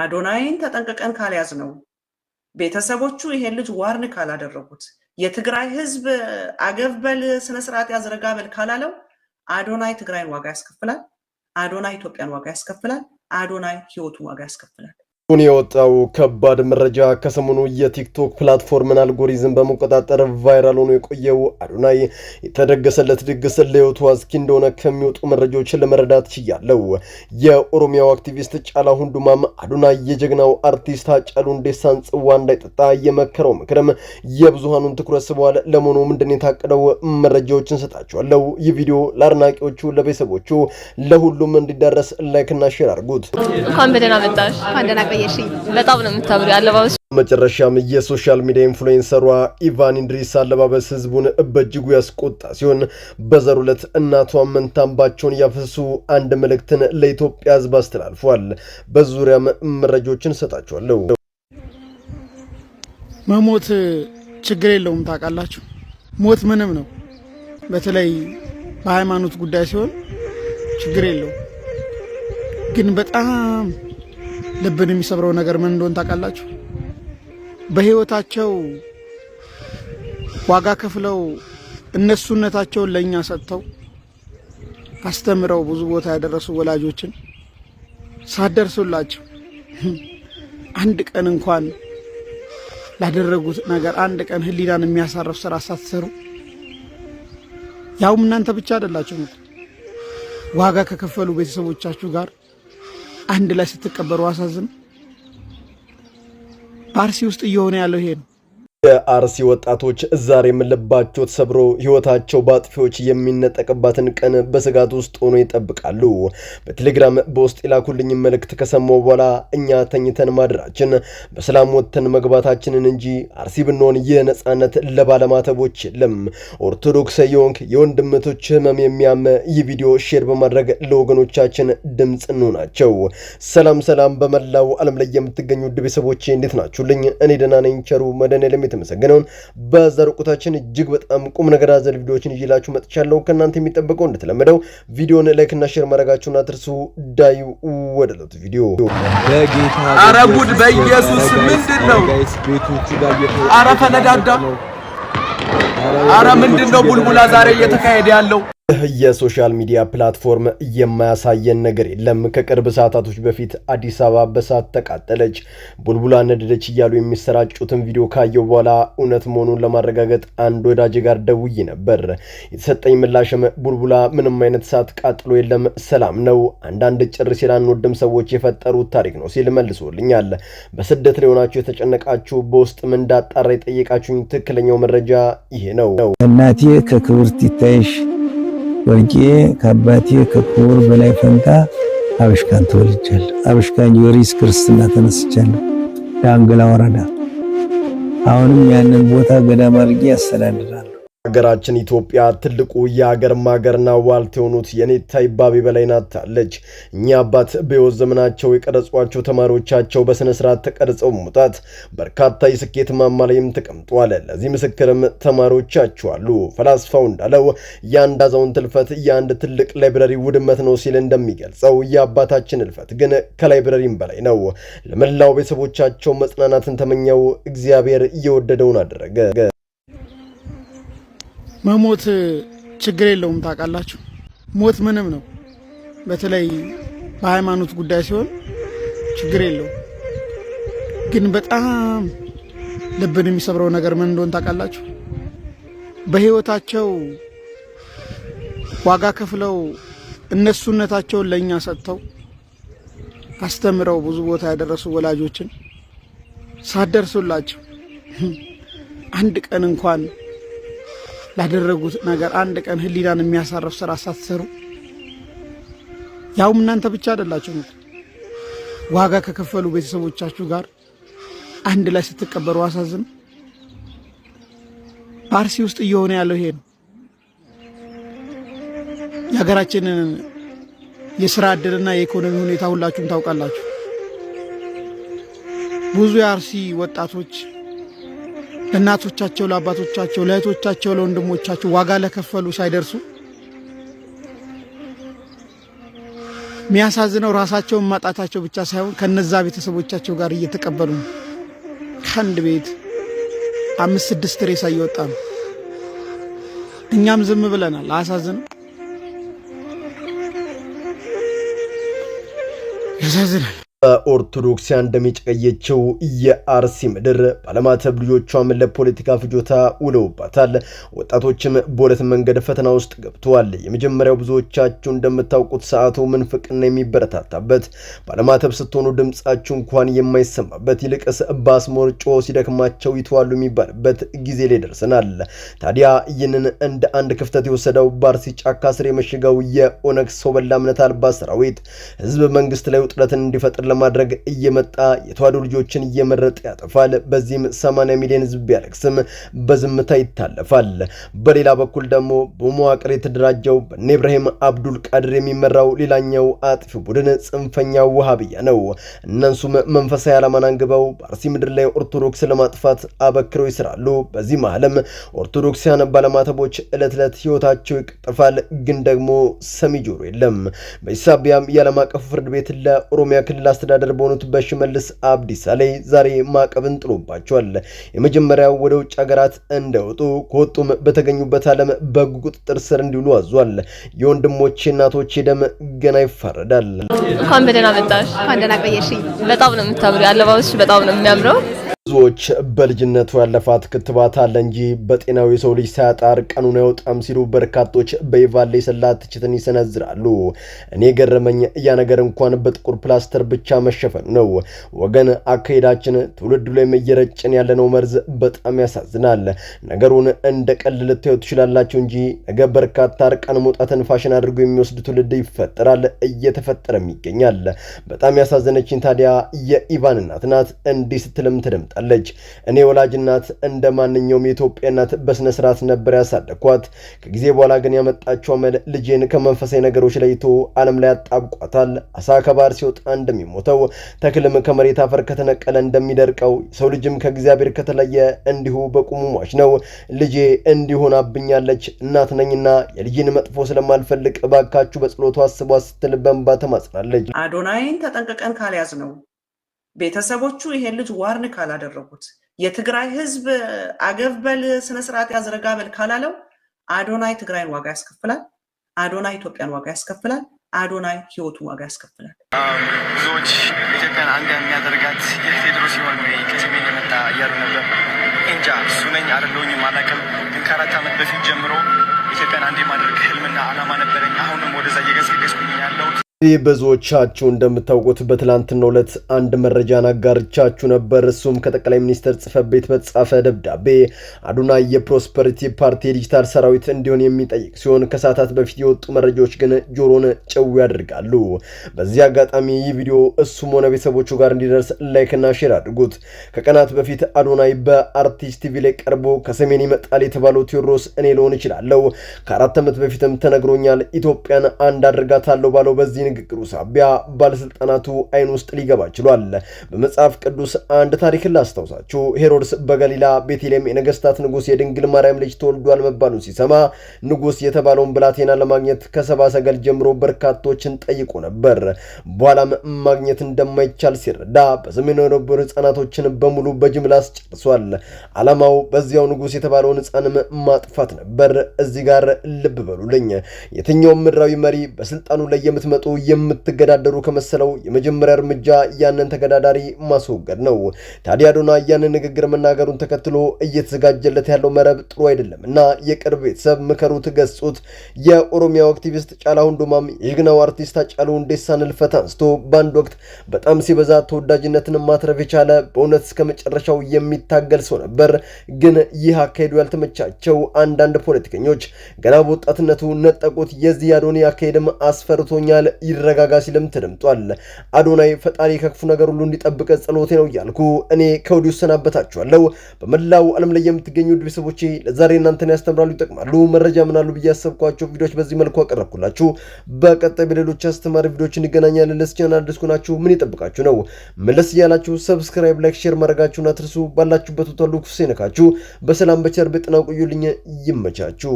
አዶናይን ተጠንቅቀን ካልያዝ ነው ቤተሰቦቹ ይሄን ልጅ ዋርን ካላደረጉት የትግራይ ህዝብ አገብበል ስነስርዓት ያዝረጋበል ካላለው አዶናይ ትግራይን ዋጋ ያስከፍላል። አዶናይ ኢትዮጵያን ዋጋ ያስከፍላል። አዶናይ ህይወቱን ዋጋ ያስከፍላል። ሁን የወጣው ከባድ መረጃ ከሰሞኑ የቲክቶክ ፕላትፎርምን አልጎሪዝም በመቆጣጠር ቫይራል ሆኖ የቆየው አዶናይ የተደገሰለት ድግስ ለህይወቱ አስኪ እንደሆነ ከሚወጡ መረጃዎች ለመረዳት ችያለው። የኦሮሚያው አክቲቪስት ጫላ ሁንዱማም አዶናይ የጀግናው አርቲስት ሃጫሉ ሁንዴሳን ጽዋ እንዳይጠጣ የመከረው ምክርም የብዙሃኑን ትኩረት ስበዋል ለመሆኑ ምንድን የታቀደው መረጃዎች እንሰጣቸዋለው። ይህ ቪዲዮ ለአድናቂዎቹ፣ ለቤተሰቦቹ፣ ለሁሉም እንዲዳረስ ላይክና ሼር አድርጉት። በጣም ነው የምታምሩ መጨረሻም የሶሻል ሚዲያ ኢንፍሉዌንሰሯ ኢቫን ኢንድሪስ አለባበስ ህዝቡን በእጅጉ ያስቆጣ ሲሆን በዘሩ ሁለት እናቷ መንታምባቸውን ያፈሱ አንድ መልእክትን ለኢትዮጵያ ህዝብ አስተላልፏል። በዙሪያም መረጃዎችን እሰጣችኋለሁ። መሞት ችግር የለውም ታውቃላችሁ፣ ሞት ምንም ነው። በተለይ በሃይማኖት ጉዳይ ሲሆን ችግር የለውም ግን በጣም ልብን የሚሰብረው ነገር ምን እንደሆን ታውቃላችሁ? በህይወታቸው ዋጋ ከፍለው እነሱነታቸውን ለእኛ ሰጥተው አስተምረው ብዙ ቦታ ያደረሱ ወላጆችን ሳደርሱላቸው አንድ ቀን እንኳን ላደረጉት ነገር አንድ ቀን ህሊናን የሚያሳርፍ ስራ ሳትሰሩ ያውም እናንተ ብቻ አይደላችሁ ዋጋ ከከፈሉ ቤተሰቦቻችሁ ጋር አንድ ላይ ስትቀበሩ አሳዝን። ፓርሲ ውስጥ እየሆነ ያለው ይሄ ነው። የአርሲ ወጣቶች ዛሬም ልባቸው ተሰብሮ ህይወታቸው በአጥፊዎች የሚነጠቅባትን ቀን በስጋት ውስጥ ሆኖ ይጠብቃሉ። በቴሌግራም በውስጥ የላኩልኝ መልእክት ከሰማሁ በኋላ እኛ ተኝተን ማድራችን በሰላም ወጥተን መግባታችንን እንጂ አርሲ ብንሆን ይህ ነጻነት ለባለማተቦች የለም። ኦርቶዶክስ የሆንክ የወንድምቶች ህመም የሚያመ ይህ ቪዲዮ ሼር በማድረግ ለወገኖቻችን ድምፅ እንሆናቸው። ሰላም ሰላም፣ በመላው ዓለም ላይ የምትገኙ ውድ ቤተሰቦቼ እንዴት ናችሁልኝ? እኔ ደህና ነኝ። ቸሩ መድኃኔዓለም የተመሰገነውን በዛሬው ቆይታችን እጅግ በጣም ቁም ነገር አዘል ቪዲዮዎችን ይዤላችሁ መጥቻለሁ። ከእናንተ የሚጠበቀው እንደተለመደው ቪዲዮን ላይክና ሼር ማድረጋችሁን አትርሱ። ዳዩ ወደ ቪዲዮ። ኧረ ጉድ በኢየሱስ ምንድን ነው? ኧረ ፈነዳዳ። ኧረ ምንድን ነው ቡልቡላ ዛሬ እየተካሄደ ያለው? ይህ የሶሻል ሚዲያ ፕላትፎርም የማያሳየን ነገር የለም። ከቅርብ ሰዓታቶች በፊት አዲስ አበባ በሳት ተቃጠለች፣ ቡልቡላ ነደደች እያሉ የሚሰራጩትን ቪዲዮ ካየው በኋላ እውነት መሆኑን ለማረጋገጥ አንድ ወዳጅ ጋር ደውዬ ነበር። የተሰጠኝ ምላሽም ቡልቡላ ምንም አይነት እሳት ቃጥሎ የለም፣ ሰላም ነው። አንዳንድ ጭር ሲል አንወድም ሰዎች የፈጠሩት ታሪክ ነው ሲል መልሶልኛል። በስደት ላይ የተጨነቃችሁ፣ በውስጥም እንዳጣራ የጠየቃችሁኝ ትክክለኛው መረጃ ይሄ ነው። እናቴ ከክብር ይታይሽ ወርቄ ከአባቴ ከክቡር በላይ ፈንታ አብሽካን ተወልጃለሁ። አብሽካን ዮሪስ ክርስትና ተነስቻለሁ። ዳንግላ ወረዳ አሁንም ያንን ቦታ ገዳም አድርጌ ያስተዳድራል። ሀገራችን ኢትዮጵያ ትልቁ የሀገር ማገርና ዋልት የሆኑት የኔታ ይባቤ በላይ ናታለች። እኚህ አባት በሕይወት ዘመናቸው የቀረጿቸው ተማሪዎቻቸው በሥነ ሥርዓት ተቀርጸው መውጣት በርካታ የስኬት ማማ ላይም ተቀምጧል። ለዚህ ምስክርም ተማሪዎቻቸው አሉ። ፈላስፋው እንዳለው የአንድ አዛውንት እልፈት የአንድ ትልቅ ላይብረሪ ውድመት ነው ሲል እንደሚገልጸው የአባታችን እልፈት ግን ከላይብረሪም በላይ ነው። ለመላው ቤተሰቦቻቸው መጽናናትን ተመኘው። እግዚአብሔር እየወደደውን አደረገ። መሞት ችግር የለውም ታውቃላችሁ። ሞት ምንም ነው። በተለይ በሃይማኖት ጉዳይ ሲሆን ችግር የለውም። ግን በጣም ልብን የሚሰብረው ነገር ምን እንደሆን ታውቃላችሁ? በህይወታቸው ዋጋ ከፍለው እነሱነታቸውን ለእኛ ሰጥተው አስተምረው ብዙ ቦታ ያደረሱ ወላጆችን ሳደርሱላቸው አንድ ቀን እንኳን ላደረጉት ነገር አንድ ቀን ህሊናን የሚያሳርፍ ስራ ሳትሰሩ ያውም እናንተ ብቻ አይደላችሁም። ዋጋ ከከፈሉ ቤተሰቦቻችሁ ጋር አንድ ላይ ስትቀበሩ አሳዝም። በአርሲ ውስጥ እየሆነ ያለው ይሄ ነው። የሀገራችንን የስራ እድልና የኢኮኖሚ ሁኔታ ሁላችሁም ታውቃላችሁ። ብዙ የአርሲ ወጣቶች ለእናቶቻቸው፣ ለአባቶቻቸው፣ ለእህቶቻቸው፣ ለወንድሞቻቸው ዋጋ ለከፈሉ ሳይደርሱ የሚያሳዝነው ራሳቸውን ማጣታቸው ብቻ ሳይሆን ከነዛ ቤተሰቦቻቸው ጋር እየተቀበሉ ነው። ከአንድ ቤት አምስት ስድስት ሬሳ እየወጣ ነው። እኛም ዝም ብለናል። አያሳዝንም? ያሳዝናል። በኦርቶዶክሲያን ደም የጨቀየችው የአርሲ ምድር ባለማተብ ልጆቿም ለፖለቲካ ፍጆታ ውለውባታል። ወጣቶችም በሁለት መንገድ ፈተና ውስጥ ገብተዋል። የመጀመሪያው ብዙዎቻችሁ እንደምታውቁት ሰዓቱ ምንፍቅና የሚበረታታበት ባለማተብ ስትሆኑ ድምፃችሁ እንኳን የማይሰማበት ይልቅስ በአስሞር ጮ ሲደክማቸው ይተዋሉ የሚባልበት ጊዜ ላይ ደርሰናል። ታዲያ ይህንን እንደ አንድ ክፍተት የወሰደው በአርሲ ጫካ ስር የመሸገው የኦነግ ሰው በላ እምነት አልባ ሰራዊት ህዝብ መንግስት ላይ ውጥረትን እንዲፈጥር ለማድረግ እየመጣ የተዋህዶ ልጆችን እየመረጠ ያጠፋል። በዚህም 80 ሚሊዮን ህዝብ ቢያለቅስም በዝምታ ይታለፋል። በሌላ በኩል ደግሞ በመዋቅር የተደራጀው በነ ኢብራሂም አብዱል ቃድር የሚመራው ሌላኛው አጥፊ ቡድን ጽንፈኛው ውሃብያ ነው። እነሱም መንፈሳዊ ዓላማን አንግበው በአርሲ ምድር ላይ ኦርቶዶክስ ለማጥፋት አበክረው ይስራሉ። በዚህ መሃልም ኦርቶዶክሲያን ባለማተቦች ዕለት ዕለት ህይወታቸው ይቀጥፋል ግን ደግሞ ሰሚ ጆሮ የለም። በዚህ ሳቢያም የዓለም አቀፉ ፍርድ ቤት ለኦሮሚያ ክልል አስተዳደር በሆኑት በሽመልስ አብዲሳ ላይ ዛሬ ማዕቀብን ጥሎባቸዋል። የመጀመሪያው ወደ ውጭ ሀገራት እንዳይወጡ ከወጡም በተገኙበት ዓለም በህግ ቁጥጥር ስር እንዲውሉ አዟል። የወንድሞቼ እናቶቼ ደም ገና ይፋረዳል። እንኳን በደህና መጣሽ። እንኳን ደህና ቆየሽ። በጣም ነው የምታምሩ። አለባበስሽ በጣም ነው የሚያምረው። ብዙዎች በልጅነቱ ያለፋት ክትባት አለ እንጂ በጤናዊ የሰው ልጅ ሳያጣር ቀኑን አይወጣም ሲሉ በርካቶች በይቫሌ ሰላት ትችትን ይሰነዝራሉ። እኔ ገረመኝ፣ ያ ነገር እንኳን በጥቁር ፕላስተር ብቻ መሸፈኑ ነው። ወገን አካሄዳችን፣ ትውልዱ ላይም እየረጨን ያለነው መርዝ በጣም ያሳዝናል። ነገሩን እንደ ቀል ልታዩ ትችላላችሁ እንጂ ነገ በርካታ እርቃን መውጣትን ፋሽን አድርጎ የሚወስድ ትውልድ ይፈጠራል፣ እየተፈጠረም ይገኛል። በጣም ያሳዘነችን ታዲያ የኢቫን እናት ናት። እንዲህ ስትልም ትደምጣል አስቀምጣለች። እኔ ወላጅ እናት እንደ ማንኛውም የኢትዮጵያ እናት በስነ ስርዓት ነበር ያሳደግኳት። ከጊዜ በኋላ ግን ያመጣችው አመል ልጄን ከመንፈሳዊ ነገሮች ለይቶ ዓለም ላይ አጣብቋታል። አሳ ከባህር ሲወጣ እንደሚሞተው፣ ተክልም ከመሬት አፈር ከተነቀለ እንደሚደርቀው፣ ሰው ልጅም ከእግዚአብሔር ከተለየ እንዲሁ በቁሙ ሟች ነው። ልጄ እንዲሆን አብኛለች። እናት ነኝና የልጅን መጥፎ ስለማልፈልግ እባካችሁ በጸሎቱ አስቧ ስትል በእንባ ተማጽናለች። አዶናይን ተጠንቀቀን ካልያዝ ነው ቤተሰቦቹ ይሄን ልጅ ዋርን ካላደረጉት የትግራይ ህዝብ አገብበል ስነስርዓት ያዝረጋበል ካላለው አዶናይ ትግራይን ዋጋ ያስከፍላል። አዶናይ ኢትዮጵያን ዋጋ ያስከፍላል። አዶናይ ህይወቱን ዋጋ ያስከፍላል። ብዙዎች ኢትዮጵያን አንድ የሚያደርጋት የቴድሮስ ሲሆን ወይ ከሰሜን የመጣ እያሉ ነበር። እንጃ እሱ ነኝ አይደለሁኝም አላውቅም። ግን ከአራት ዓመት በፊት ጀምሮ ኢትዮጵያን አንድ የማደርግ ህልምና አላማ ነበረኝ። አሁንም ወደዛ እየገሰገስኩኝ ያለው ይህ ብዙዎቻችሁ እንደምታውቁት በትላንትናው ዕለት አንድ መረጃን አጋርቻችሁ ነበር። እሱም ከጠቅላይ ሚኒስትር ጽሕፈት ቤት በተጻፈ ደብዳቤ አዱና የፕሮስፐሪቲ ፓርቲ የዲጂታል ሰራዊት እንዲሆን የሚጠይቅ ሲሆን ከሰዓታት በፊት የወጡ መረጃዎች ግን ጆሮን ጭው ያደርጋሉ። በዚህ አጋጣሚ ይህ ቪዲዮ እሱም ሆነ ቤተሰቦቹ ጋር እንዲደርስ ላይክና ሼር አድርጉት። ከቀናት በፊት አዶናይ በአርቲስት ቲቪ ላይ ቀርቦ ከሰሜን ይመጣል የተባለው ቴዎድሮስ እኔ ልሆን እችላለሁ ከአራት ዓመት በፊትም ተነግሮኛል ኢትዮጵያን አንድ አድርጋታለሁ ባለው በዚህ ንግግሩ ሳቢያ ባለስልጣናቱ አይን ውስጥ ሊገባ ችሏል። በመጽሐፍ ቅዱስ አንድ ታሪክን ላስታውሳችሁ። ሄሮድስ በገሊላ ቤተልሔም የነገስታት ንጉስ የድንግል ማርያም ልጅ ተወልዷል መባሉን ሲሰማ ንጉስ የተባለውን ብላቴና ለማግኘት ከሰባ ሰገል ጀምሮ በርካቶችን ጠይቆ ነበር። በኋላም ማግኘት እንደማይቻል ሲረዳ በሰሜኑ የነበሩ ህጻናቶችን በሙሉ በጅምላ አስጨርሷል። ዓላማው በዚያው ንጉስ የተባለውን ህጻንም ማጥፋት ነበር። እዚህ ጋር ልብ በሉልኝ። የትኛውም ምድራዊ መሪ በስልጣኑ ላይ የምትመጡ የምትገዳደሩ ከመሰለው የመጀመሪያ እርምጃ ያንን ተገዳዳሪ ማስወገድ ነው። ታዲያ አዶና ያንን ንግግር መናገሩን ተከትሎ እየተዘጋጀለት ያለው መረብ ጥሩ አይደለም እና የቅርብ ቤተሰብ ምከሩት፣ ገጹት የኦሮሚያው አክቲቪስት ጫላ ሁንዱማም የጀግናው አርቲስት አጫሉ ሁንዴሳን ሕልፈት አንስቶ በአንድ ወቅት በጣም ሲበዛ ተወዳጅነትን ማትረፍ የቻለ በእውነት እስከ መጨረሻው የሚታገል ሰው ነበር። ግን ይህ አካሄዱ ያልተመቻቸው አንዳንድ ፖለቲከኞች ገና በወጣትነቱ ነጠቁት። የዚህ አዶናይ አካሄድም አስፈርቶኛል ይረጋጋ ሲልም ተደምጧል። አዶናይ ፈጣሪ ከክፉ ነገር ሁሉ እንዲጠብቀ ጸሎቴ ነው እያልኩ እኔ ከወዲሁ ሰናበታችኋለሁ። በመላው ዓለም ላይ የምትገኙ ውድ ቤተሰቦቼ ለዛሬ እናንተን ያስተምራሉ፣ ይጠቅማሉ፣ መረጃ ምናሉ ብዬ ያሰብኳቸው ቪዲዮዎች በዚህ መልኩ አቀረብኩላችሁ። በቀጣይ በሌሎች አስተማሪ ቪዲዮዎች እንገናኛለን። ለዚህ ቻናል አዲስ ከሆናችሁ ምን ይጠብቃችሁ ነው? መለስ እያላችሁ ሰብስክራይብ፣ ላይክ፣ ሼር ማድረጋችሁን አትርሱ። ባላችሁበት ሁሉ ክፉ ሳይነካችሁ በሰላም በቸር በጤና ቆዩልኝ። ይመቻችሁ።